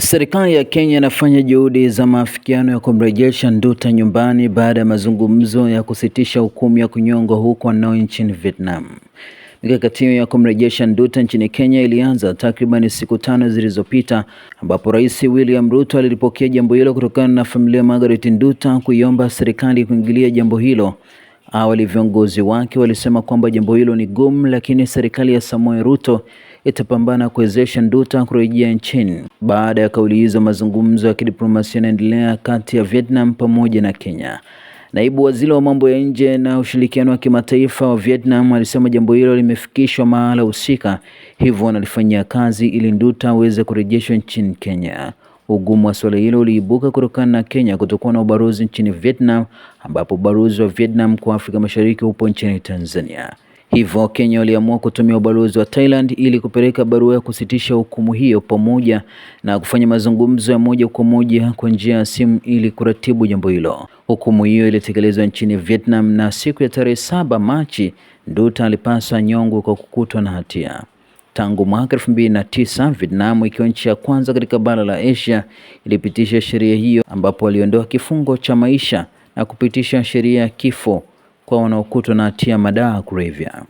Serikali ya Kenya inafanya juhudi za maafikiano ya kumrejesha Nduta nyumbani baada ya mazungumzo ya kusitisha hukumu ya kunyongwa huko Hanoi nchini Vietnam. Mikakati hiyo ya kumrejesha Nduta nchini Kenya ilianza takriban siku tano zilizopita, ambapo Rais William Ruto alilipokea jambo hilo kutokana na familia Margaret Nduta kuiomba serikali kuingilia jambo hilo Awali viongozi wake walisema kwamba jambo hilo ni gumu, lakini serikali ya Samoei Ruto itapambana kuwezesha Nduta kurejea nchini. Baada ya kauli hizo, mazungumzo ya kidiplomasia yanaendelea kati ya Vietnam pamoja na Kenya. Naibu waziri wa mambo ya nje na ushirikiano wa kimataifa wa Vietnam alisema jambo hilo limefikishwa mahala husika, hivyo wanalifanyia kazi ili Nduta aweze kurejeshwa nchini Kenya. Ugumu wa suala hilo uliibuka kutokana na Kenya kutokuwa na ubalozi nchini Vietnam, ambapo ubalozi wa Vietnam kwa Afrika Mashariki upo nchini Tanzania. Hivyo Kenya waliamua kutumia ubalozi wa Thailand ili kupeleka barua ya kusitisha hukumu hiyo pamoja na kufanya mazungumzo ya moja kwa moja kwa njia ya simu ili kuratibu jambo hilo. Hukumu hiyo ilitekelezwa nchini Vietnam na siku ya tarehe saba Machi, Nduta alipaswa nyongo kwa kukutwa na hatia. Tangu mwaka elfu mbili na tisa Vietnam ikiwa nchi ya kwanza katika bara la Asia ilipitisha sheria hiyo, ambapo waliondoa kifungo cha maisha na kupitisha sheria ya kifo kwa wanaokutwa na hatia madawa ya kulevya.